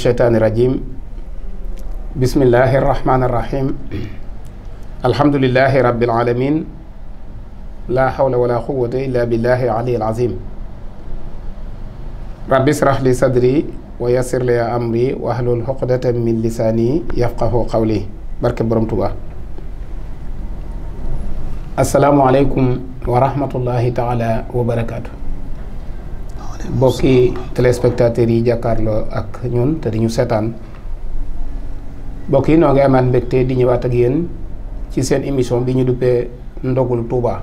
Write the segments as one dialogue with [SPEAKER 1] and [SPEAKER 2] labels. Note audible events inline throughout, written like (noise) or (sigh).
[SPEAKER 1] الشيطان الرجيم بسم الله الرحمن الرحيم الحمد لله رب العالمين لا حول ولا قوة إلا بالله العلي العظيم رب اشرح لي صدري ويسر لي أمري واحلل عقدة من لساني يفقه قولي بركة بروم توبا السلام عليكم ورحمة الله تعالى وبركاته bokki téléspectateurs yi jàkkaarloo ak ñun te di ñu seetaan mbokk yi noo ngi amaat mbégte di ñëwaat ak yéen ci seen émission bi ñu duppee ndogul Touba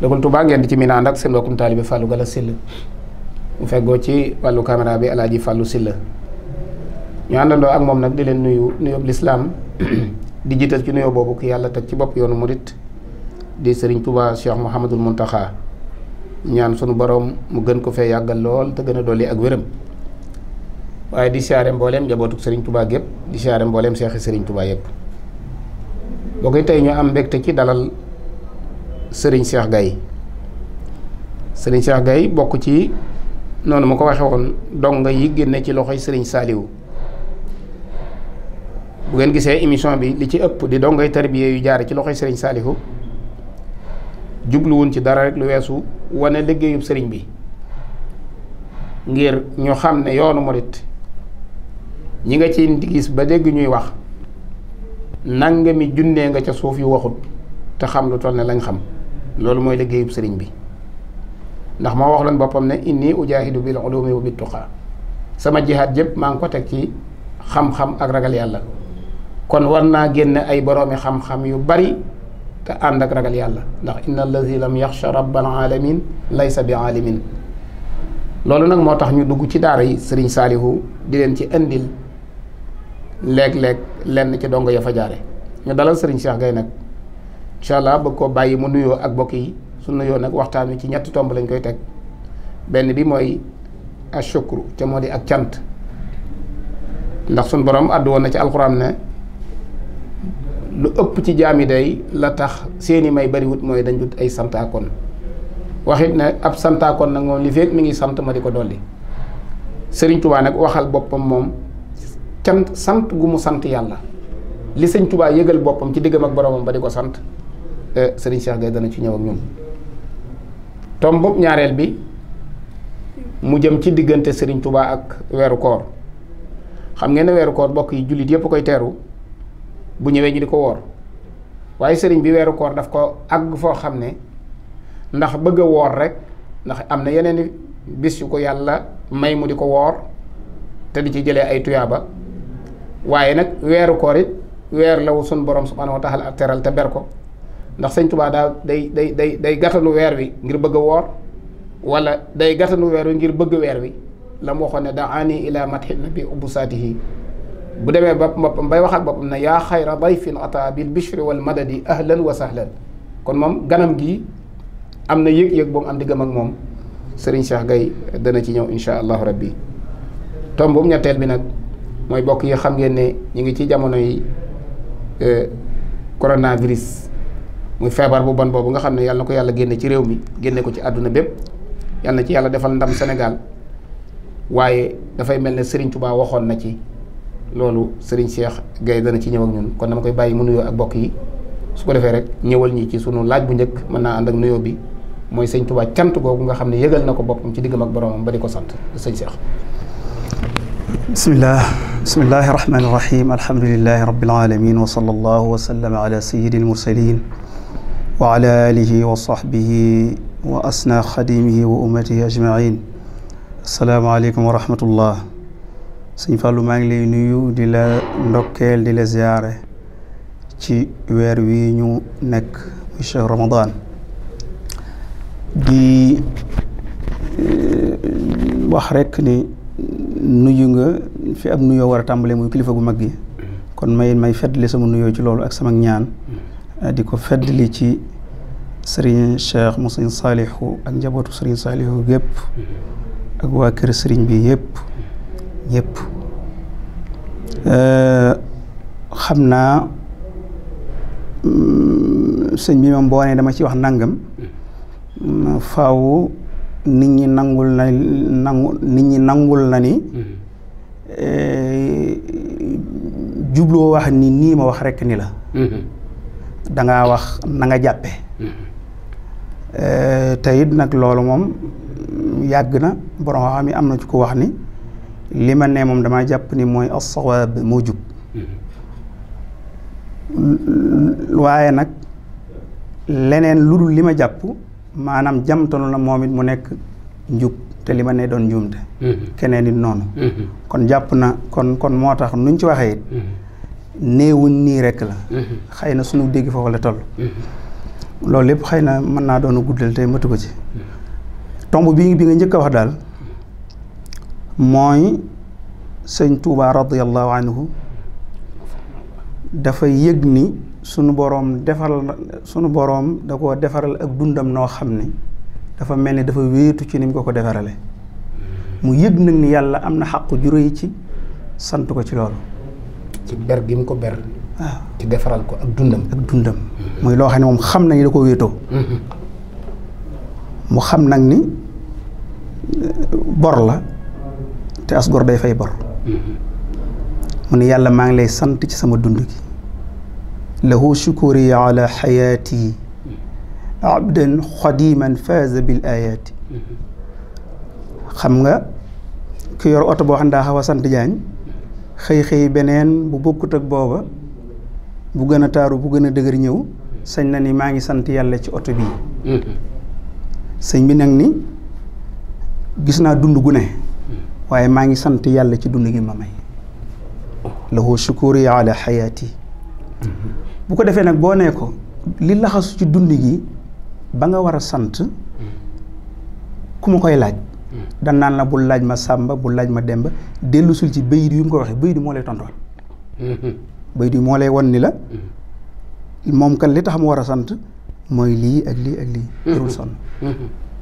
[SPEAKER 1] ndogul Touba ngeen di ci minaan ak seen mbokkum taalibe Fallou Gala Sylla mu feggoo ci wàllu caméra bi alaaji Fallou Sylla ñu àndandoo ak moom nag di leen nuyu nuyoob lislaam (clears throat) di jiital ci nuyoo boobu ki yàlla teg ci bopp yoonu murit di sëriñ Touba Cheikh Mouhamadul Mountakha ñaan sunu boroom mu gën ko fee yàggal lool te gën a dolli ak wéram waaye di siyaare mbooleem njabootuk sëriñ tubaa gépp di siyaare mbooleem seexi sëriñ tubaa yépp boo koy tey ñu am mbégte ci dalal sëriñ Cheikh Gaye sëriñ Cheikh Gaye bokk ci noonu ma ko waxe woon donga yi génne ci loxoy sëriñ saaliwu bu ngeen gisee émission bi li ci ëpp di dongay tarbiye yu jaare ci loxoy sëriñ saaliwu jubluwun ci dara rek lu weesu wane liggéeyub sëriñ bi ngir ñu xam ne yoonu murit ñi nga ci gis ba dégg ñuy wax nangami junnee nga ca suuf yu waxut te xam lu toll ne lañ xam loolu mooy liggéeyub sëriñ bi ndax moo wax lan boppam ne inni ujaahidu bil ulumi wa bit tuqa sama jihaad yëpp maa ngi ko teg ci xam-xam ak ragal yàlla kon war naa génn ay boroomi xam-xam yu bari te ànd ak ragal yàlla ndax inna allazi lam yaxsha rabbal alamin laysa bi alimin loolu nag moo tax ñu dugg ci daara yi sëriñ saalihu di leen ci indil léeg-léeg lenn ci dongo ya fa jaare ñu dalal sëriñ Cheikh Gaye nag incha allah bëgg koo bàyyi mu nuyoo ak bokk yi su nuyoo nag waxtaan wi ci ñetti tomb lañ koy teg benn bi mooy ashukru te moo di ak cant ndax suñ borom àddu woon na ci alxuraan ne lu ëpp ci jaam yi day la tax seeni may bariwut mooy dañ dut ay santaakon waxit ne ab santaakon nag moom li feeg mi ngi sant ma di ko dolli sëriñ tubaa nag waxal boppam moom cant sant gu mu sant yàlla li sëñ tubaa yëgal boppam ci diggam ak boroomam ba di ko sant eh, sëriñ Cheikh Gaye dana ci ñëw ak ñun tom ñaareel bi mu jëm ci diggante sëriñ tubaa ak weeru koor xam ngeen ne weeru koor bokk yi jullit yépp koy teeru bu ñëwee ñu di ko woor waaye sëriñ bi weeru koor daf ko àgg foo xam ne ndax bëgg a woor rek ndax am na yeneen bis yu ko yàlla may mu di ko woor te di ci jëlee ay tuyaaba waaye nag weeru koor it weer la wu sunu borom subhaanahu wa taala teral te ber ko ndax sëñ Tuubaa daa day day day day gàttanu weer wi ngir bëgg a woor wala day gatanu weer wi ngir bëgg weer wi la mu waxoon ne daa ani ila matxi nabi ubusaatihi bu demee ba boppam bay wax ak boppam ne yaa xayra dayfin ata bil bishri wal madadi ahlan wa sahlan kon moom ganam gi am na yëg-yëg boobu am di gëm ak moom sëriñ Cheikh Gaye dana ci ñëw insha allahu rabbi tombum ñetteel bi nag mooy bokk yi xam ngeen ne ñu ngi ci jamono yi e, coronavirus muy feebar bu bon boobu nga xam ne yàlla ko yàlla génne ci réew mi génne ko ci àdduna bépp yàlla ci yàlla defal ndam Sénégal waaye dafay mel ne sëriñ Tuubaa waxoon na ci loolu Serigne Cheikh gay dana ci ñëw ak ñun kon dama koy bàyyi mu nuyoo ak bokk yi su ko defee rek ñëwal ñi ci sunu laaj bu njëkk mën naa ànd ak nuyoo bi mooy sëñ Touba cant googu nga xam ne yëgal na ko boppam ci diggam ak boromam ba di ko sant sëñ Cheikh.
[SPEAKER 2] bismillah bismillahi rahmaani rahim alhamdulilahi rabbil alamin wa sallallahu wa sallama ala sayyidil mursalin wa ala alihi wa sahbihi wa asna xadimihi wa ummatihi ajmain assalaamu aleykum wa rahmatullah sëñ Fallou maa ngi lay nuyu di la ndokkeel di la ziyaare ci weer wi ñu nekk muy cheikh Ramadan di eh, wax rekk ni nuyu nga fi ak nuyoo war a tàmbalee muy kilifa gu mag gi kon may may feddali sama nuyoo ci loolu ak sama ñaan di ko feddali ci sëriñ cheikh mu sëriñ Saalihu ak njabootu sëriñ Saalihu gépp ak waa kër sëriñ bii yëpp yëpp euh, xam naa mm, sëñ bi moom boo nee dama ci wax nangam faw nit ñi nangul na nit ñi nangul na ni mm-hmm. eh, jubloo wax ni nii ma wax rekk ni la mm-hmm. dangaa wax nanga nga jàppe
[SPEAKER 3] mm-hmm.
[SPEAKER 2] eh, te it nag loolu moom yàgg na borom xam yi am na ci ko wax ni li ma ne moom damaa jàpp ni mooy as-sawaab moo jub mm-hmm. waaye nag leneen lu dul li ma jàpp maanaam jamtanu la moom it mu nekk njub te li ma ne doon njuumte mm-hmm. keneen it noonu mm-hmm. kon jàpp na kon kon moo tax nuñ ci waxee it néewuñ nii rekk la xëy na sunu dégg foofu la toll loolu lépp xëy na mën naa doon guddal te matu ko ci tomb bi bi nga njëkk a wax daal mooy sëñ Tuuba radiallahu anhu dafa yëg ni sunu boroom defal sunu boroom da koo defaral ak dundam noo xam ni dafa mel ni dafa wéetu ci ni mu ko ko defarale mu yëg nag ni yàlla am na xàqu ju réy ci sant ko ci loolu ci ber gi mu ko ber waaw ci defaral ko ak dundam ak dundam muy loo xam ne moom xam na ni da ko wéetoo mm-hmm. mu xam nag ni bor la te as gor day fay bor mu ne yàlla maa ngi lay sant ci sama dund gi lahu shukuri ala xayaati abdan xadiman xam nga ki yor oto boo xam daa xaw a sant jaañ xëy xëy beneen bu bokkut ak booba bu gën a taaru bu gën a dëgër ñëw sañ na ni maa ngi sant yàlla ci oto bii mm-hmm. sëñ bi nag ni gis naa dund gu ne waaye maa ngi sant yàlla ci dund gi ma may lahu shukuri ala xayaati mm-hmm. bu ko defee nag boo nee ko li laxasu ci dund gi ba nga war a sant ku ma koy laaj mm-hmm. dan naan la bul laaj ma sàmba bu laaj ma demba dellusul ci bayit yu mu ko waxee bayit moo lay tontool mm-hmm. bayit moo lay won ni la moom kan li tax mu war a sant mooy lii ak lii ak lii jërul sonn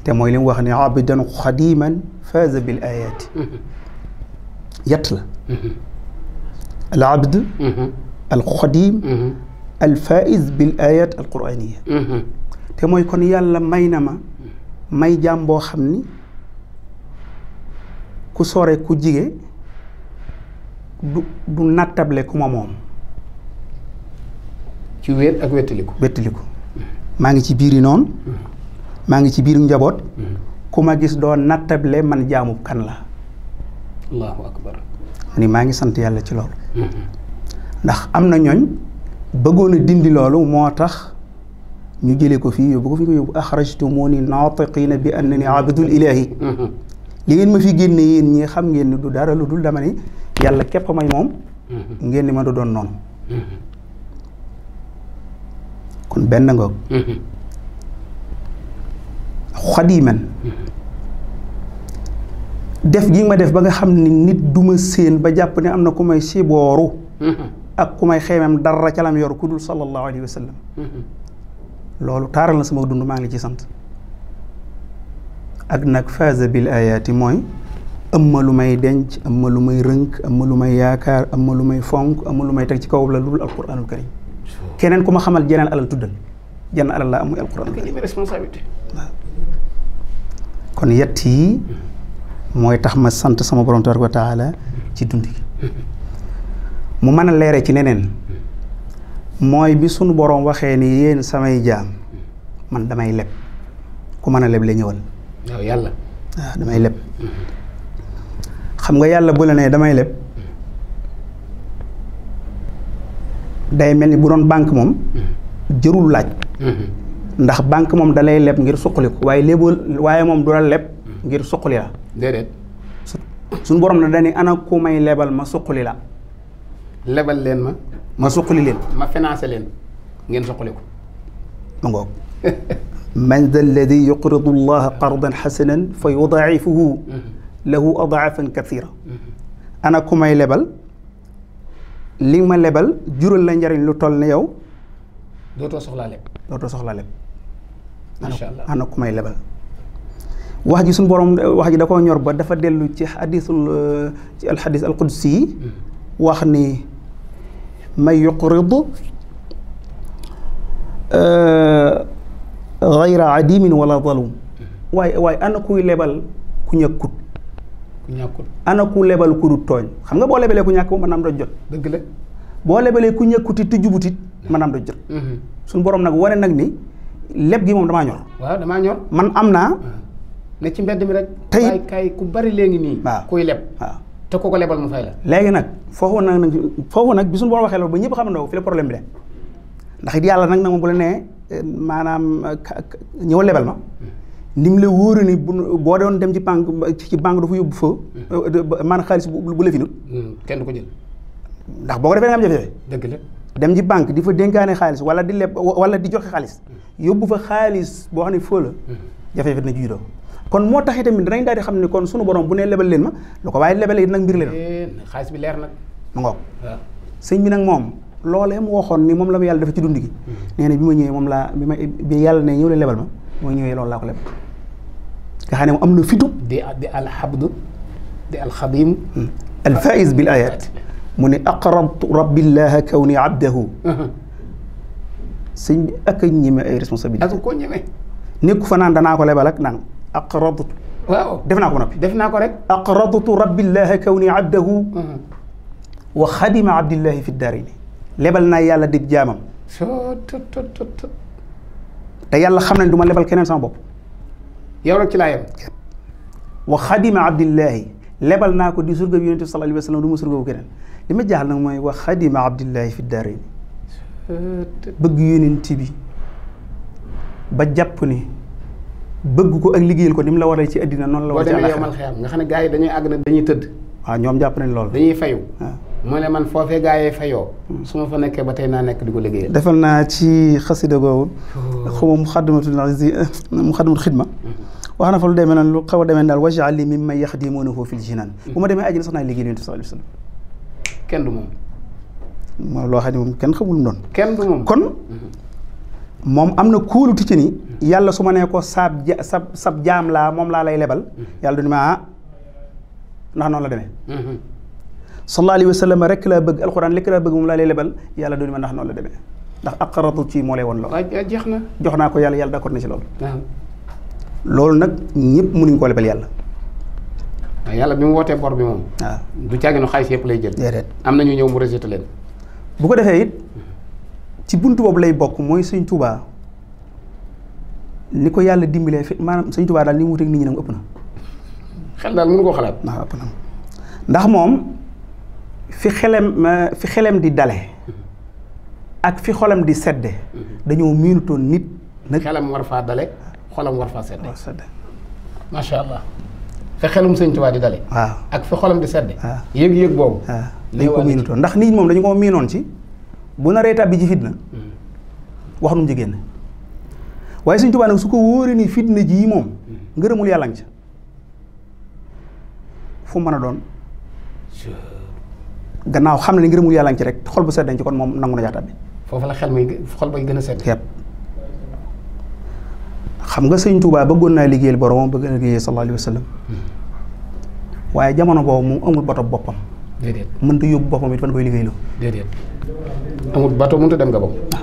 [SPEAKER 2] te mooy li mu wax ne abidan xadiman faaza bil ayaati yett la al abd al xadim al faiz bil ayat al quraniya te mooy kon yàlla may na ma may jaam boo xam ni ku sore ku jige du du nattable ku ma moom ci wéet ak wettiliku maa ngi ci biiri noonu maa ngi ci biir njaboot mm-hmm. ku ma gis doo nattable man jaamu kan la
[SPEAKER 3] allahu akbar
[SPEAKER 2] mu ni maa ngi sant yàlla ci loolu mm-hmm. ndax am na ñooñ bëggoon a dindi loolu moo tax ñu jële ko fii yóbbu ko fi ko yóbbu axrajtumuni naatiqina bi annani abidul ilaahi mm-hmm. li ngeen ma fi génne yéen ñi xam ngeen ni du dara lu dul dama ni yàlla képp may moom ngeen ni ma du doon noonu kon benn ngoog xadiman def gi ma def ba nga xam ni nit duma séen ba jàpp ne am na ku may sibooru ak ku may xeemem dara ca lam yor ku dul sallallahu alayhi wa sallam sama dund maa ngi ci sant ak nag faaza bil ayaati mooy am ma lu may denc am ma lu may rënk am ma lu may yaakaar am ma lu may fonk am ma lu may teg ci kaw la lu dul alquranul karim keneen ku ma xamal jeneen alal tuddal jenn alal laa amuy alquranul karim kon yett yi mooy tax ma sant sama borom tabaraka wa taala ci dund gi mu mën a leere ci neneen mooy bi sunu borom waxee ni yéen samay jaam man damay leb ku mën a leb la ñëwal waaw yàlla waaw damay leb xam nga yàlla bu la nee damay leb day mel ni bu doon banque moom jërul laaj mm-hmm. ndax banque moom dalay lay leb ngir suqali ko waaye lebul waaye moom du la leb hmm. ngir suqali la. déedéet. suñu borom na dañuy ana ku may lebal ma suqali la. lebal leen ma. ma suqali leen. ma financé leen ngeen suqali ko. ma ngoog. (laughs) man da alladi yuqridu allaha qardan xasanan fa yudaacifuhu hmm. lahu adaafan kathira hmm. ana ku may lebal li ma lebal jural la njariñ lu toll ne yow.
[SPEAKER 1] dootoo soxlaa leb. dootoo soxlaa leb. incha allah ana
[SPEAKER 2] ku may lebal. wax ji suñu borom wax ji da koo ñor ba dafa dellu ci xadisul euh, ci alxadis alqudsi yi hmm. wax ni may yuqrid euh, gayra adimin wala zalum hmm. waaye waaye ana kuy lebal ku ñàkkut ku ñàkkut ana ku lebal ku dut tooñ xam nga boo lebalee ku ñàkk moom maanaam doj jot dëgg la boo lebalee ku ñàkkutit te jubutit maanaam hmm. doj jot suñu borom nag wane nag ni lépp gi moom damaa ñor. waaw damaa ñor. man am naa. Ah. ne ci mbedd mi rek. tey kay ku bari léegi nii. waaw kuy leb te ku ko lebal mu fay la. léegi nag foofu nag foofu nag bi suñu boo waxee loolu ba ñëpp xam ne fi la problème bi de ndax it yàlla nag nag moom bu la nee eh, maanaam ñëw lebal ma. ndim la wóor ni bu boo doon dem ci banque ci banque dafa yóbbu fa. Hmm. Eh, maanaam xaalis bu bu la hmm, kenn du ko jël. ndax boo ko defee da nga am jafe-jafe. dëgg dem ci banque di fa dénkaane xaalis wala di leb wala di joxe xaalis. Hmm. yóbbu fa xaalis boo xam ne foo la hmm. jafe-jafe dina juddoo kon moo tax itamit danañ daal di xam ne kon sunu borom bu nee lebal leen ma lu ko waaye lebalee it nag mbir leen
[SPEAKER 1] eh, xaalis bi leer nag
[SPEAKER 2] ngoog sëñ bi nag moom loole mu waxoon ni moom la ma yàlla dafa ci dund gi hmm. nee na bi ma ñëwee moom laa bi ma bi yàlla ne ñëw leen lebal ma bi ma ñëwee loolu laa ko lebal nga xam ne moom am na fitu di di alxabdu di alxadim hmm. alfaiz bil ayat mu ne aqrabtu rabbillaha kawni abdahu sëñ bi ak a ñeme ay responsabilité ak ko ñeme. nekku fa naan danaa ko lebal ak naan aqradtu. waaw def naa ko noppi. def naa ko rek. aqradtu rabbillahi kawni abdahu mhm. wa xadima abdillahi fi daarayni lebal naa yàlla dib jaamam. te yàlla xam nañ du ma lebal keneen sama bopp. yow rek ci laa yem. wa xadima abdillahi lebal naa ko di surga bi yonent bi sallallahu alayhi wa sallam du ma surga bu ma jaaxal nag mooy wa xadima abdillahi fi bëgg yonent bi ba jàpp ni bëgg ko ak liggéeyal ko ni mu la waree ci àddina noonu la war ci alaxira nga xam ne gars yi dañuy
[SPEAKER 1] àgg na dañuy tëdd
[SPEAKER 2] waaw ñoom jàpp nañ loolu dañuy fayu ah.
[SPEAKER 1] moo ne man foofee gars yi
[SPEAKER 2] fayoo hmm. su ma fa nekkee ba tey naa nekk di ko liggéeyal defal naa ci xasida googu oh. xuma mu xaddamatul nasi mu xaddamatul xidma hmm. wax na fa lu demee noonu lu xaw a demee daal wajaal li mimman yaxdimunahu fil jinan hmm. bu ma demee àjjana sax naa liggéeyal yonent bi sallallahu alayhi wa sallam kenn du moom loo xam ne moom kenn xamul mu doon. kenn moom kon. Mm-hmm. moom am na kóoluti ci ni. Mm-hmm. yàlla su ma nee ko saab ja jaam laa moom laa lay lebal. Mm-hmm. yàlla du ne ma ah ndax noonu la demee. rek laa bëgg alxuraan rek laa bëgg moom laa lebal yàlla du ma ndax noonu la demee ndax aqaratu ci moo lay woon lool. jeex na jox naa ko yàlla yàlla d'accord na ci loolu. loolu nag ñëpp mënuñ koo lebal yàlla.
[SPEAKER 1] waaw yàlla bi mu wootee bor bi moom. waaw du nu xaalis yëpp lay jël. déedéet am na ñu ñëw mu rejeté leen.
[SPEAKER 2] bu ko defee it ci bunt boobu lay bokk mooy sëñ Touba ni ko yàlla dimbalee fi maanaam sëñ Touba daal ni mu wuteeg nit ñi na. xel daal mënu koo xalaat. ndax moom fi xelem fi xelem di dale ak fi xolam di sedde dañoo miinutoon nit. nag
[SPEAKER 1] xelam war faa dale xolam war faa sedde. macha allah fi xelum sëñ
[SPEAKER 2] Touba di dale. waaw ak fi xolam di sedde. yëg-yëg boobu. dañ ndax nit moom dañu ko miinoon ci bu naree tàbbi ji fitna mm. wax nu mu jigéen waaye suñ tubaab nag su ko wóoree ni fitna ji moom mm. ngërëmul yàlla nga ca fu mën a doon gannaaw xam ne ngërëmul yàlla ci rek xol bu sedd ci kon moom nangu na jaataat bi. foofu la xel xol bay gën a sedd. xam nga sëñ Touba bëggoon naa liggéeyal boromam bëgg na liggéeyal sallallahu alayhi wa sallam
[SPEAKER 1] mm.
[SPEAKER 2] waaye jamono boobu moom amul boto boppam. déedéet mënta yóbbu boppam it fan koy liggéey loo déedéet amul bateau mënta dem Gabon waaw ah.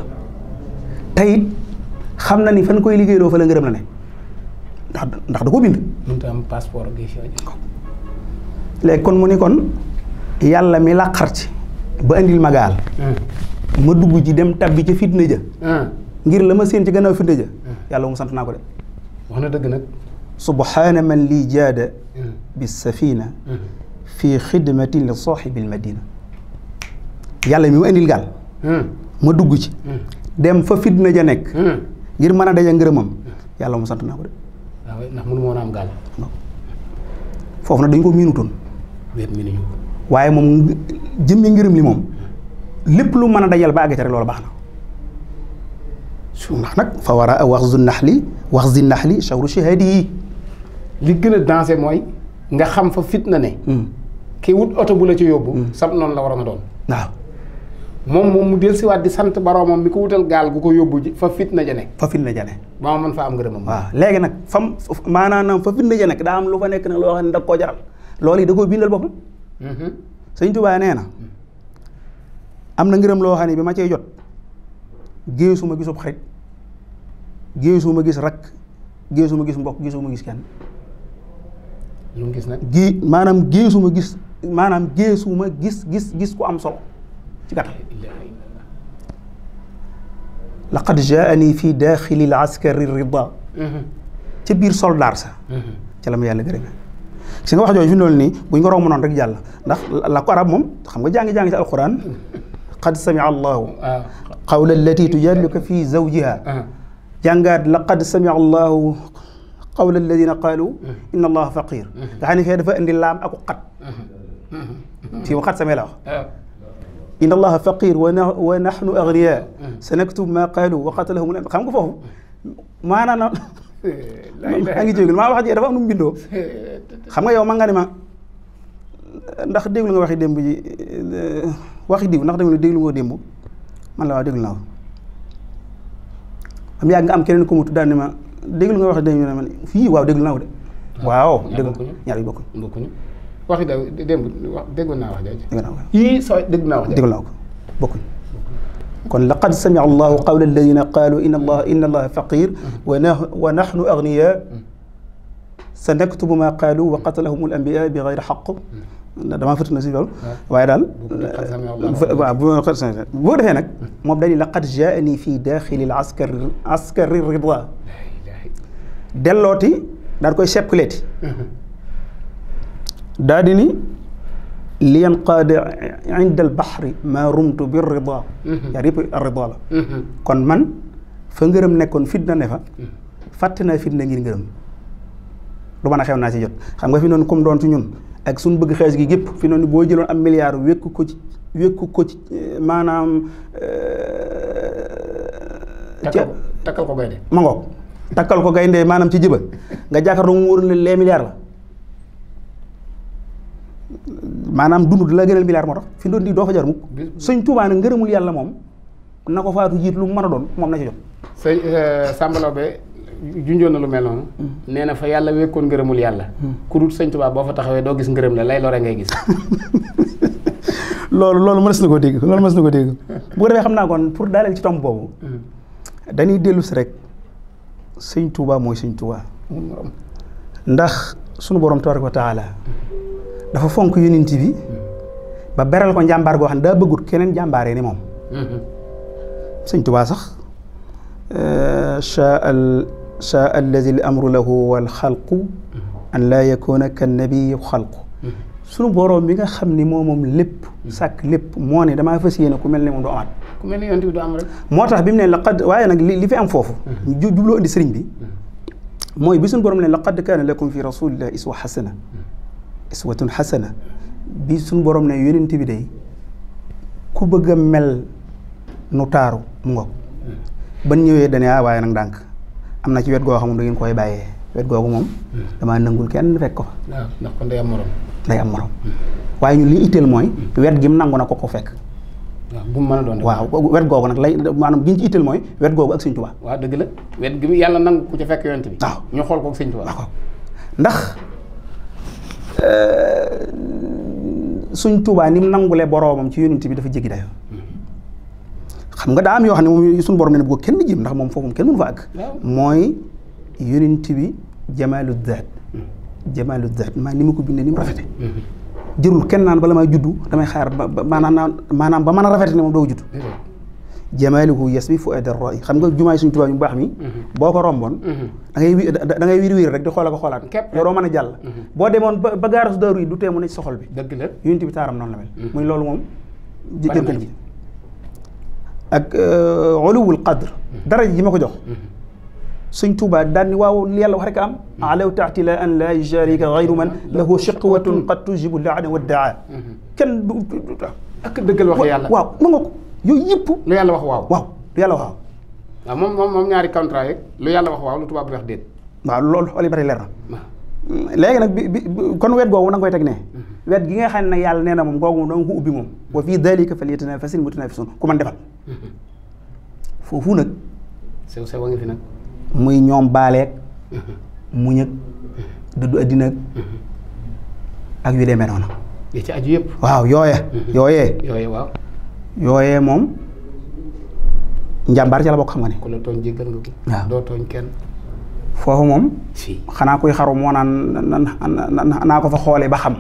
[SPEAKER 2] te xam na ni fan koy liggéey loo fa la ngërëm la ne ndax ndax da ko bind mënta kon mu ni kon yàlla mi làqar ci ba indil ma gaal hmm. ma dugg ci dem tabbi ca fitna ja hmm. ngir la ma séen ci gannaaw fitna ja hmm. yàlla mu sant naa ko de wax na man lii jaada bis safina fii xidmatin li saaxibil madina yàlla mi mu indil gaal hmm. ma dugg ci hmm. dem fa fitna ja nekk hmm. ngir mën a daja ngërëmam yàlla moom sant naa ko de
[SPEAKER 1] waaw ah ndax mënu
[SPEAKER 2] foofu nag dañ ko miinutoon waaye moom jëmmi ngërëm li moom lépp lu mën a dajal ba àgg ca rek loolu baax na su ndax nag fa war a wax zu nax li wax zi nax li shawru shihaadi yi li gën a danse mooy nga xam fa fitna ne
[SPEAKER 1] kii wut oto bu la ci yóbbu. Mm. sam noonu la waroon a doon.
[SPEAKER 2] waaw moom moom mu dell dellusiwaat di sant boroomam mi ko wutal gaal gu ko yóbbu ji fa fitna ja nekk. fa fitna ja nekk. ba ma mën faa am léegi nag fam maanaam fa fitna ja nekk daa am lu fa nekk nag loo xam ne da koo jaral loolu yi da koo bindal boppam. Mm-hmm. sëñ nee na am na ngërëm loo xam ne bi ma cey jot géesu ma gisub xarit géesu ma gis rakk géesu ma gis mbokk géesu ma gis kenn. lu mu gis nag gii maanaam géesu ma gis. maanaam géesuma gis gis gis ku am solo ci gàttal laqad jaani fi daaxili l askari rida ca biir sol sa ca la ma yàlla gërëme si nga wax jooju fi noonu nii buñ ko romb noonu rek jàll ndax la ko arab moom xam nga jàngi jàngi ci alquran qad laqad samia allahu qawla alladina qaalu inna allaha faqir nga xam ne fee dafa laam aku qat ci
[SPEAKER 3] mm-hmm. waxaat samee la wax ah.
[SPEAKER 2] inna allaha faqir wa nahnu aghniya mm-hmm. sanaktub ma qalu wa qatalahum xam nga foofu maanaam mm-hmm. (laughs) maa ngi jégalu ma wax ji dafa am nu mu bindoo (laughs) xam nga yow ma nga ne ma ndax déglu nga waxi démb ji waxi diw ndax dama déglu nga la waaw déglu naa ko am yàgg nga am keneen ku mu tudd ma déglu nga wax démb ne man fii waaw déglu naa ko de ah. waaw déglu ñaar yi bokkuñu
[SPEAKER 1] waxi daw démb wax déggu naa wax jooju. dégg naa ko yii soo dégg naa wax jooju. dégg naa
[SPEAKER 2] ko bokkuñ kon laqad samia allahu qawla alladina qaalu inna allah inna allaha faqir wa nahnu agniya sa naktubu ma qaalu wa qatalahum al anbiya bi gayri xaq damaa fëtt na si loolu waaye daal waaw bu boo defee nag moom dañuy laqad jaani fi daaxili al askar askari rida dellooti daal koy sepkuleeti (laughs) daa di ni li yanqaadi inda al baxri maa rumtu bi rida mhm. yaar la mhm. kon man fa ngërëm nekkoon fitna ne fa mhm. fàtte naa fitna ngir ngërëm lu mën a xew naa si jot xam nga fi noonu comme doon ci ñun ak suñ bëgg xees gi gépp fi noonu boo jëloon am milliard wékku ko ci wékku ko ci eh, maanaam eh, takkal ko gaynde ma takkal ko gaynde maanaam ci jëba nga jàkkaarloo mu wóor ne les milliards la maanaam dund di la gënal milliard moo tax fi doon di doo fa jar mukk sëñ Tuubaa nag ngërëmul yàlla moom na ko faatu jiit lu mu a doon moom na ci jot
[SPEAKER 1] sëñ euh, Samba Laobé junjoon na lu mel noonu hmm. nee na fa yàlla wekkoon ngërëmul yàlla hmm. ku dul boo fa
[SPEAKER 2] taxawee doo gis ngërëm la lay lore ngay gis (laughs) loolu loolu na ko dégg loolu mënees na ko dégg bu ko defee xam naa kon pour daaneel ci tomb boobu hmm. dañuy dellu si rek sëñ Tuubaa mooy sëñ Tuubaa ndax sunu borom tabaraka wa taala dafa fonk yonent bi ba beral ko njàmbaar goo xam ne daa bëggut keneen jàmbaaree ni moom sëñ tubaa sax euh, shaa shaa allazi l amru lahu wal xalqu an laa yakuna kan nabiyu xalqu sunu boroom bi nga xam ni moo moom lépp sàkk lépp moo ne damaa fas yéene ku mel ne moom du ku mel ne yonent bi du am rek moo tax bi mu ne laqad waaye nag li fi am foofu jubloo indi sëriñ bi mooy bi sunu boroom ne laqad kaana lakum fi rasulillahi iswa xasana iswatun xasana bi suñ borom ne yonent bi day ku bëgg a mel nu taaru mu ngoog ban ñëwee dane ah waaye nag ndànk am na ci wet xam moom da koy bàyyee wet googu moom hmm. damaa nangul kenn fekk ko fa morom hmm. waaye ñu li itteel mooy hmm. wet gi mu nangu na ko ko fekk mu mën a doon waaw wet googu nag lay maanaam gi ñu ci itteel mooy wet googu ak sëñ Tuubaa
[SPEAKER 1] waaw dëgg la wet gi mu yàlla nangu ku ca fekk yonent bi waaw ñu xool ko ak sëñ Tuubaa
[SPEAKER 2] ndax Euh, suñ Tuubaa ni mu nangule boroomam ci yonent bi dafa jéggi dayo xam nga daa am yoo xam ne moom suñu borom na bu ko kenn jëm ndax moom foofu kenn mënu fa àgg mooy yonent bi jamaalu zaat jamaalu zaat maa ni ma ko bindee ni mu rafete
[SPEAKER 3] mm-hmm.
[SPEAKER 2] jërul kenn naan bala may juddu damay xaar ba maanaam maanaam ba mën a rafete ne moom doo judd jamaaluhu yasbifu ad ar-ra'i xam nga jumaay suñu tubaab ñu baax mi boo ko romboon da ngay wi da wiir wiir rek di xool ak xoolaat yow doo mën a jàll boo demoon ba gaarasu daaru yi du tee mu ne ci soxol bi dëgg la yunti bi taaram noonu la mel muy loolu moom jëkkal ji ak uluwul qadr daraja ji ma ko jox suñ Tuubaa daan ni waaw yàlla wax rek am alaw taati la an laa yujaarika gayru man lahu shiqwatun qad tujibu laana wa daa kenn du ak dëggal wax yàlla waaw ma nga ko yooyu yëpp. lu yàlla wax waaw. waaw lu yàlla wax
[SPEAKER 1] waaw. moom moom moom ñaari contrat yeeg lu yàlla wax waaw lu tubaab bi wax déet.
[SPEAKER 2] waaw loolu xool yi bari leer na. léegi nag bi bi kon wet googu nag koy teg ne mhm. wet gi nga xam ne nag yàlla nee na moom googu moom da nga ko ubbi moom wa fii dalika falyatanafasil mutanafisun ku mhm. foofu nag sew sew a muy ñoom baaleeg mhm. muñ ak dëddu addina ak ak yu demee noonu
[SPEAKER 1] ci aju yëpp waaw yooye yooye
[SPEAKER 2] yooyee moom njambaar ci la bokk xam nga ne.
[SPEAKER 1] ku la tooñ nga ko. waaw doo tooñ kenn.
[SPEAKER 2] foofu moom. xanaa kuy xaru moo naan naa ko fa xoole ba xam.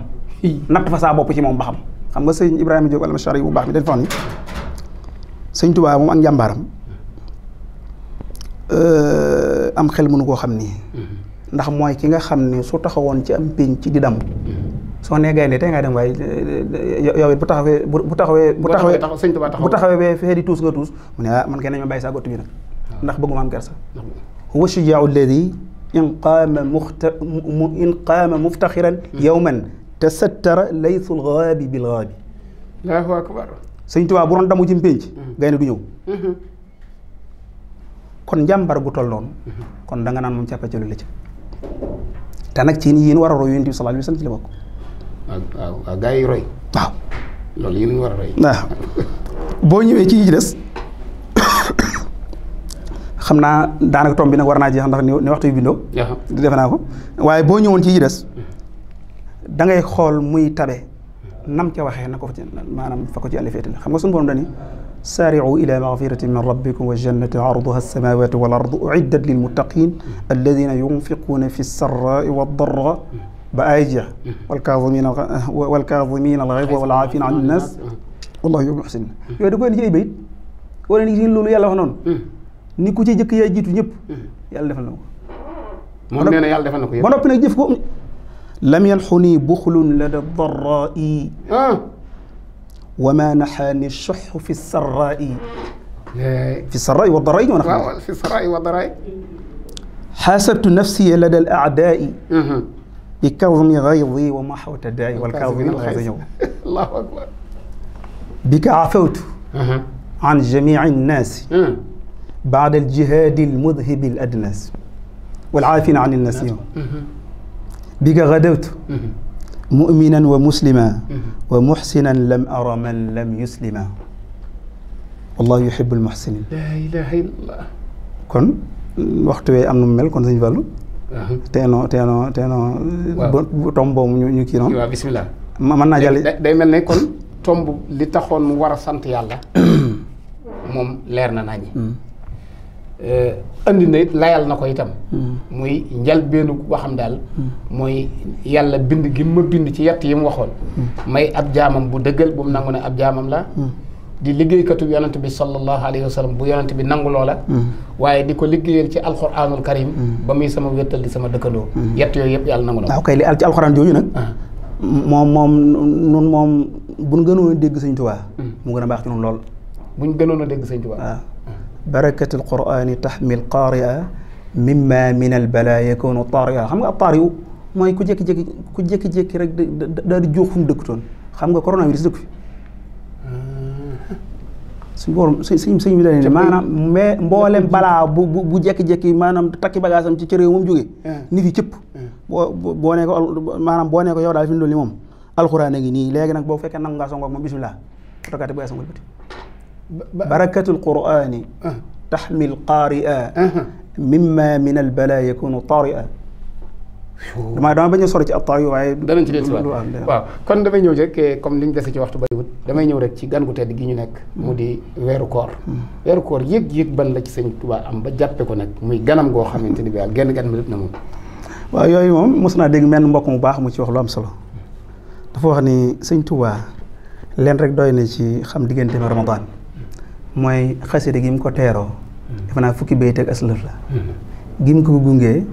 [SPEAKER 2] natt fa saa bopp ci moom ba xam. xam nga sëñ Ibrahima Diop al-Mashari bu baax mi dañ fa ni sëñ Tuubaa moom ak njàmbaaram euh, am xel mënu koo xam nii.
[SPEAKER 1] Mm-hmm.
[SPEAKER 2] ndax mooy ki nga xam ni soo taxawoon ci am pénc ci di damm. Mm-hmm. soo nee gaynde tey ngay dem waaye eh, eh, yow it bu taxawee bu taxawee bu taxawee bu taxawee bee fee di tuus nga tuus mu ne ah man kay nañ ma bàyyi sa gott bi nag ah. ndax bëgguma am kersa ah. huwa shijaau alladi in qaama muxta in qaama muftaxiran hmm. yowman tasattara laysul gaabi bil gaabi allahu akbar sëñ bu doon damu ci mpénc hmm. gaynde du ñëw mm-hmm. kon njàmbar gu toll noonu mm-hmm. kon da nga naan moom càppacalu la ca te nag ci yéen war a roy Yonent bi la bokk
[SPEAKER 1] waaw waaw waaw gars yi war a roy. waaw
[SPEAKER 2] boo ñëwee ci ci des xam naa daanaka tomb bi nag war naa jeex ndax ni waxtu yu bindoo. di defe naa ko waaye boo ñëwoon ci des da ngay xool muy tabe nam ca waxee na ko fa ci maanaam fa ko ci àll xam nga suñu borom dañuy. saari'u ila magfiratin min rabbikum wa jannatin arduha alsamawatu wal ardu uiddat lilmuttaqin alladina yunfiquuna fi sarrai wa darra ba ay jeex wal kaazimiina wal kaazimiina al ghayz wal aafiina an naas wallaahu yuhibbul muhsiniin yooyu da koy indi ci ay bayit wala ni loolu yàlla wax noonu hmm. ni ku ci jëkk yaay jiitu ñëpp hmm. yàlla defal na ko
[SPEAKER 1] moom nee na yàlla defal na ko ba noppi nag
[SPEAKER 2] jëf ko lam yanxuni buxlun lada darraai wa ma naxaani soxu fi sarraai fi sarraai wa darraai ñoo nax
[SPEAKER 1] fi sarraai wa darraai
[SPEAKER 2] xaasabtu nafsiya lada al aadaai hmm, bi kawmi ghaydi wa ma xawta daay wal kaazimiina al-ghayz allahu akbar bi ka afawtu an jamii an-naasi baada al-jihaadi al-mudhibi al-adnaas wal aafiina an an-naas bi ka ghadawtu mu'minan wa musliman wa muhsinan lam ara man lam yuslima wallahu yuhibbu al-muhsinin la
[SPEAKER 1] ilaha illallah
[SPEAKER 2] kon waxtu wee am na mu mel kon sëñ Fallou Uh-huh. teenoo teenoo teenoo. waaw tomb boobu ñu kii noonu. waaw bisimilah. mën naa jàll
[SPEAKER 1] day mel ne kon tomb li taxoon mu war a sant yàlla. (coughs) moom
[SPEAKER 2] leer na nañi. Mm.
[SPEAKER 1] Uh, andi na layal na ko itam. Mm. muy njalbeenu waxam daal. Mm. mooy yàlla bind gi ma bind ci yett yi mu waxoon. may ab jaamam bu dëggal bu mu nangu ne ab jaamam la. di liggéeykatu yonent bi sallallahu alayhi wa sallam bu yonent bi nangu loola mm. waaye di ko liggéeyal ci alxuraanul karim mm. ba muy sama wéttal di sama dëkkandoo mm. yett yooyu yëpp yàlla nangu na ah,
[SPEAKER 2] ok li ci alxuraan jooju nag ah. moom moom nun moom buñ gënoon a dégg sëñ Tuubaa mu gën a baax ci lool buñ gënoon a dégg sëñ Tuubaa waaw ah. barakatul qur'ani tahmil qaari'a mimma min al bala yakunu taari'a xam nga ab mooy ku jékki-jékki ku jékki-jékki rek daal di jox fu mu dëkkutoon xam nga coronavirus dëkk fi suñu borom suñ suñ bi maanaam mais mboolem balaa bu bu bu jekki-jekki maanaam takki bagaasam ci réew moom jógee ah. nit yi cëpp ah. boo boo nee ko maanaam boo nee ko yow daal fi mu nii moom alxuraan léegi nag boo fekkee nangu ngaa songo ak moom bisimilah rakaati bagaasam wal bati barakatul qurani ah. taxmil qaari a mimma min al bala yakunu damaa dama bañ a sori ci ab taw yi waaye. danañ ci des waaw kon eh, damay ñëw rek ci gan gu tedd gi ñu nekk. mu
[SPEAKER 1] di weeru koor. Hmm. weeru koor yéeg yéeg ban la ci sëñ Tuubaa am ba jàppee ko nag muy ganam goo
[SPEAKER 2] xamante ne bi daal genn gan mi lépp na moom. waaw yooyu moom mos naa dégg menn mbokk mu baax mu ci wax lu am solo dafa wax ni sañ Tuubaa leen rek doy na ci xam diggante bi Ramadan mooy xasida gi mu ko teeroo. Hmm. defe naa fukki bayt ak aslaf la. Hmm. gi mu ko gungee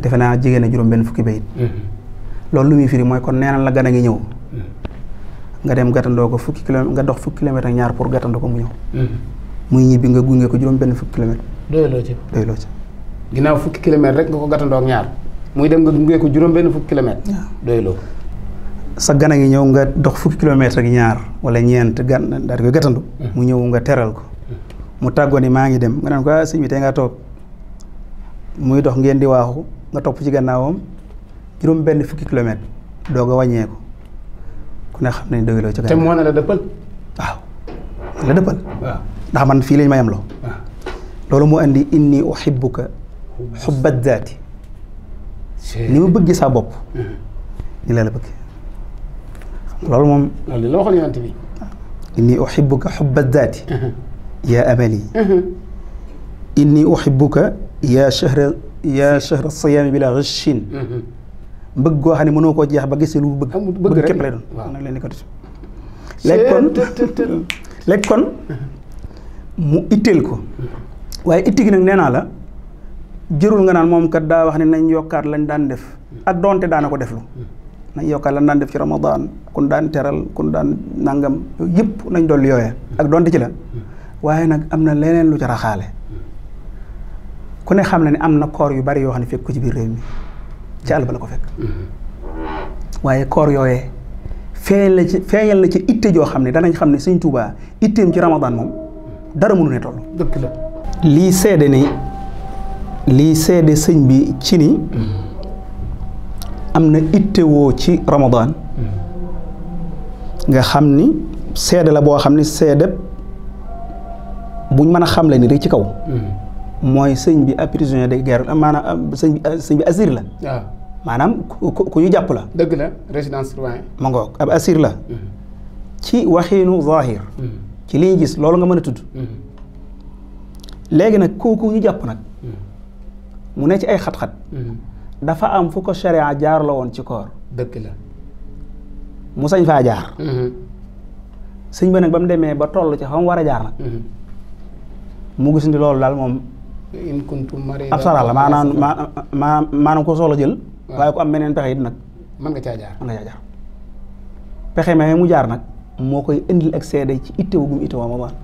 [SPEAKER 2] defe naa jigéen a juróom benn fukki bayit
[SPEAKER 3] mm-hmm.
[SPEAKER 2] loolu lu muy firi mooy kon neenal la gan a ngi ñëw mm-hmm. nga dem gattandoo ko fukki kilomètre nga dox fukki kilomètre ak ñaar pour gàttandoo ko mu ñëw mm-hmm. muy ñibbi nga gunge ko juróom benn fukki kilomètre doyloo ci
[SPEAKER 1] ginnaaw fukki kilomètre rek nga ko gàttandoo ak ñaar muy dem nga gunge ko juróom benn fukki kilomètre doyloo
[SPEAKER 2] sa gan a ngi ñëw nga dox fukki kilomètre ak ñaar wala ñeent gan daal di koy gàttandu mu ñëw nga teral ko mu tàggoo maa ngi dem nga naan ko ah sëñ tey ngaa toog muy dox ngeen di waaxu nga topp ci gannaawam juróom benn fukki kilomètre doog a wàññeeku ku ne xam ne doyuloo ci. te moo
[SPEAKER 1] ne la dëppal. waaw
[SPEAKER 2] la dëppal. ndax man fii lañ ma yemloo. loolu moo indi inni uhibbuka xubbat zaati.
[SPEAKER 3] Mm-hmm.
[SPEAKER 2] moom. loolu la waxoon yonent yaa amali. inni uhibbuka mm-hmm. yaa mm-hmm. shahra yaa shahra siyaami bila ghashin mhm. mbëgg goo xam ne mënoo koo jeex ba gisee lu bëgg bëgg képp lay doon nag leen di ko kon léegi kon mu itteel ko waaye itti gi nag nee naa la jërul nga naan moom kat daa wax ne nañ yokkaat lañ daan def ak doonte daana ko deflu nañ yokkaat lañ daan def ci ramadan kun daan teral kun daan nangam yëpp nañ dolli yooya ak doonte ci la waaye nag am na leneen lu ca raxaale ku ne xam na ne am na koor yu bari yoo xam ne fekk ko ci biir réew mi ci àll ba la ko fekk mm-hmm. waaye koor yooyee feeñal na ci feeñal itte joo xam ne danañ xam ne sëñ Tuubaa itteem ci Ramadan dara mënu ne toll dëgg la lii seede lii seede sëñ bi ci ni am na ittewoo ci Ramadan
[SPEAKER 3] mm-hmm.
[SPEAKER 2] nga xam ni seede la boo xam ne seede buñ mën a xamle ni rek ci kaw mm-hmm. mooy sëñ bi ab prisonnier de guerre maanaam euh, sëñ bi euh, sëñ la. waaw ah. maanaam ku ñu jàpp la. dëgg
[SPEAKER 1] la résidence surveillée.
[SPEAKER 2] ma ngoog ab asir la. Mhm. ci waxiinu zahir mhm. ci li ñu gis loolu nga mën a tudd. Mhm. léegi nag kooku ñu jàpp nag. mu ne ci ay xat-xat. dafa am fu ko sharia jaar la woon ci koor. dëgg la. mu sañ faa jaar. sëñ ba nag ba mu demee ba toll ci xam war a jaar nag. mu gis ni loolu laal moom. in kuntum marida ab sarax la maa maanaam maanaam ko soxla jël. waaye ku am meneen pexe it nag. caa jaar pexe ma mu jaar nag moo koy indil ak seede ci itteewu gum itteewoo ma ah. baax.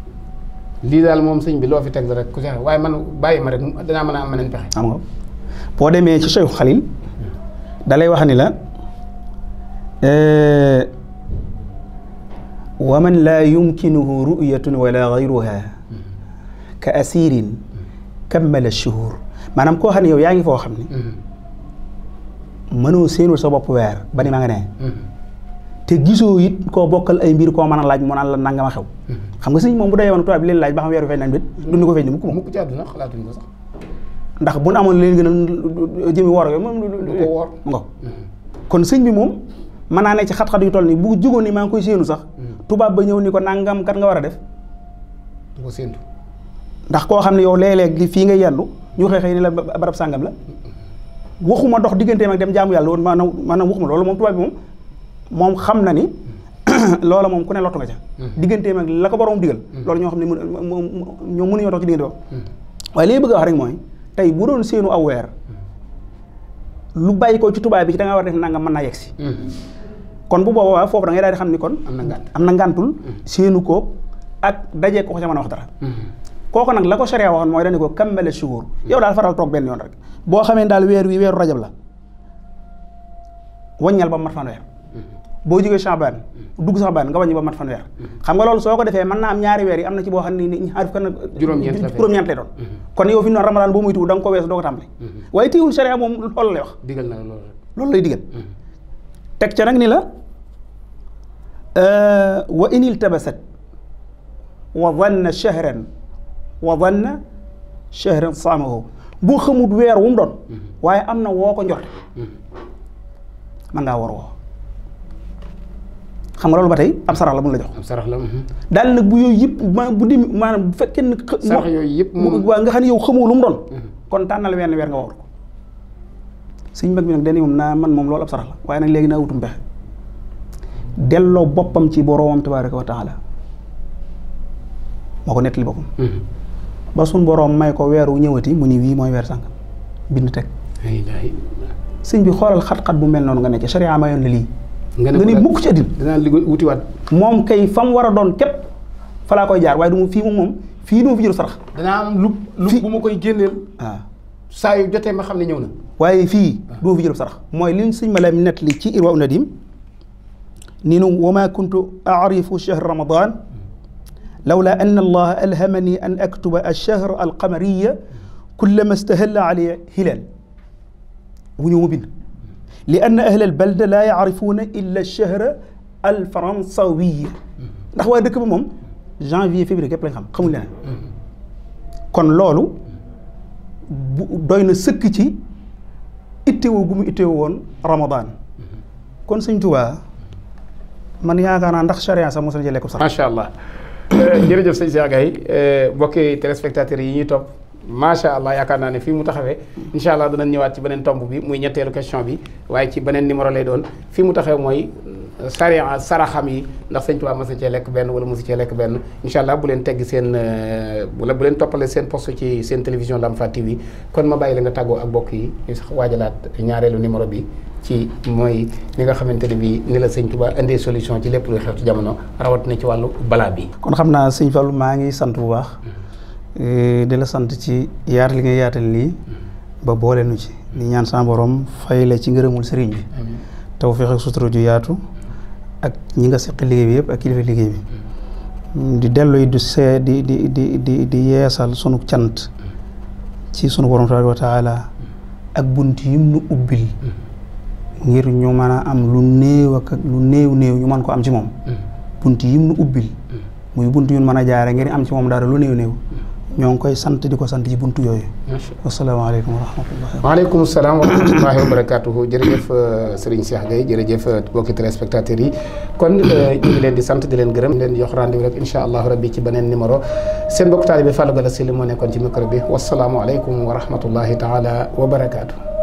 [SPEAKER 1] lii daal moom sëñ bi loo fi teg rek ku ci waaye man bàyyi ma rek danaa mën a am meneen pexe.
[SPEAKER 2] boo demee ci Cheikh Khalil dalay wax ni la. wa man laa yumkinuhu ru'yatun wala ghayruha ka asirin kammala shuhur maanaam koo xam ne yow yaa ngi foo xam ne mhm. mënoo séenul sa bopp weer ba ni mhm. te gisoo it koo bokkal ay mbir koo mën a laaj mu naan la nangama xew mhm. xam nga sëñ moom bu dee woon tubaab bi weeru feeñ ko feeñ ni mukk moom mukk ci ko ndax bu amoon leen gën a jëmi kon sëñ bi moom mën naa ne ci xat-xat yu toll nii bu jógoon ni maa ngi koy séenu sax tubaab ba ñëw ni ko nangam kat nga war a def du ko ndax koo xam ne yow léeg gi fii ngay yendu ñu xëy xëy ni la barab sàngam la waxuma dox digganteem ak dem jaamu yàlla woon maanaam maanaam waxuma loolu moom tubaab bi moom moom xam na ni (clears throat) loola moom ku ne lottu nga ca. Hmm. digganteem ak la ko borom digal. Hmm. loolu ñoo xam ne ñoom mënuñoo dox ci diggante boobu. Hmm. waaye a rek mooy tey bu doon seenu aw weer ci tubaab bi ci da ngaa mën naa yegg kon bu boobaa foofu da ngay daal xam ni kon. am na am na ngàntul seenu kóob ak daje ko ca mën a wax dara. kooku nag la ko sharia waxoon mooy dañu ko kammale shuhur yow daal faral toog benn yoon rek boo xamee daal weer wi weeru rajab la waññal ba mat fan weer boo jógee Chaabaan dugg Chaabaan nga wàññi ba mat xam nga loolu soo ko defee mën naa am ñaari na ci boo xam ne ni ñaar fukk nag juróom-ñeent lay mhm. kon yow fi noon ramadan boo muy tuw da nga ko weesu doo ko tàmbali mhm. waaye téewul sharia moom loolu lay wax digal na mhm. teg ca nag ni la euh, wa inil tabasat wa dhanna shahran wa zanna shahran saamahu boo xamut weer wu mu doon mhm. am na woo ko njort
[SPEAKER 3] man
[SPEAKER 2] mhm. ngaa war woo xam nga loolu ba tey am sarax la la jox. am la mhm. daal nag bu yooyu yëpp maanaam bu fekkee ne. sarax yooyu yëpp waa nga xam ne yow xamoo lu mu doon. kon tànnal wenn weer nga woor ko. suñ mag bi nag dañuy moom naa man moom loolu ab sarax la waaye nag léegi naa wutum pexe delloo boppam ci boroomam tabaaraka wa taala moo ko nettali boppam. ba suñ boroom may ko weer wu ñëwati mu ni wii mooy weer sàngam bind teg sëñ bi xoolal xat-xat bu mel noonu nga ne ci sharia mayoon la lii nga ni mukk ci addin dinaa wutiwaat moom kay fa mu war a doon képp fa koy jaar waaye du mu fii moom fii du ma fi jël am lu lu bu ma koy génneel ah. saa yu jotee ma xam ne ñëw na waaye fii ah. du ma fi sarax mooy li sëñ ma lam nett lii ci Irwa Nadim ni nu wa ma kuntu arifu shahr ramadan لولا أن الله ألهمني أن أكتب الشهر القمري كلما استهل عليه هلال ونيوم بنا لأن أهل البلدة لا يعرفون إلا الشهر الفرنساوي ndax waa dëkk ba moom janvier février képp lañ xam xamuñ leneen kon loolu doy na sëkk ci itteewoo gu mu itteewoo woon ramadaan kon sëñ Tuubaa man yaakaar naa ndax charia sax mos na ci lekk sax macha allah (coughs)
[SPEAKER 1] jërëjëf sëñ Cheikh Gaye eh, mbokki téléspectateurs yi ñuy topp macha allah yaakaar naa ne fii mu taxawee incha allah dana ñëwaat ci beneen tomb bi muy ñetteelu question bi waaye ci beneen numéro lay doon fii mu taxawee mooy sariya saraxam yi ndax sëñ Tuubaa mosu cee lekk benn wala mosu cee lekk benn incha allah bu leen tegg seen euh, wala bu leen toppale seen poste ci seen télévision Lamfa TV kon ma bàyyi la nga tàggoo ak bokk yi ñu sax waajalaat ñaareelu numéro bi ci mooy li nga xamante ne bii ni la sëñ Tuubaa indee solution ci lépp lu xew ci jamono rawat na ci wàllu balaa bi.
[SPEAKER 2] kon xam naa sëñ Fallou maa ngi sant bu waax mm-hmm. di la sant ci yaar li nga yaatal nii. Mm-hmm. ba boole nu ci. di ñaan sama borom fay la ci ngërëmul sëriñ bi. yaatu. ak ñi nga seq liggéey bi yëpp ak kilifa liggéey bi di delloo yi du see di di di di di yeesal sunu cant ci sunu borom tabaaraka ak bunt yim nu ubbil ngir ñu mën a am lu néew ak lu néew néew ñu mën ko am si moom mm. bunt yim nu ubbil mm. muy bunt yu mën a jaare ngir am ci moom dara lu néew néew ñoo ngi koy sant di ko sant ci buntu yooyu. asalaamaaleykum wa
[SPEAKER 1] salaam waaleykum salaam wa rahmatulah wa barakaatuhu jërëjëf euh, Serigne Cheikh Gueye jërëjëf mbokki euh, téléspectateurs yi kon euh, ñu ngi di sant di leen gërëm di leen jox rendez-vous rek incha allahu rabbi ci beneen numéro seen mbokk taalibe Fallou Galass Syll moo nekkoon ci micro bi wasalaamualeykum wa rahmatullahi taala wa barakaatu.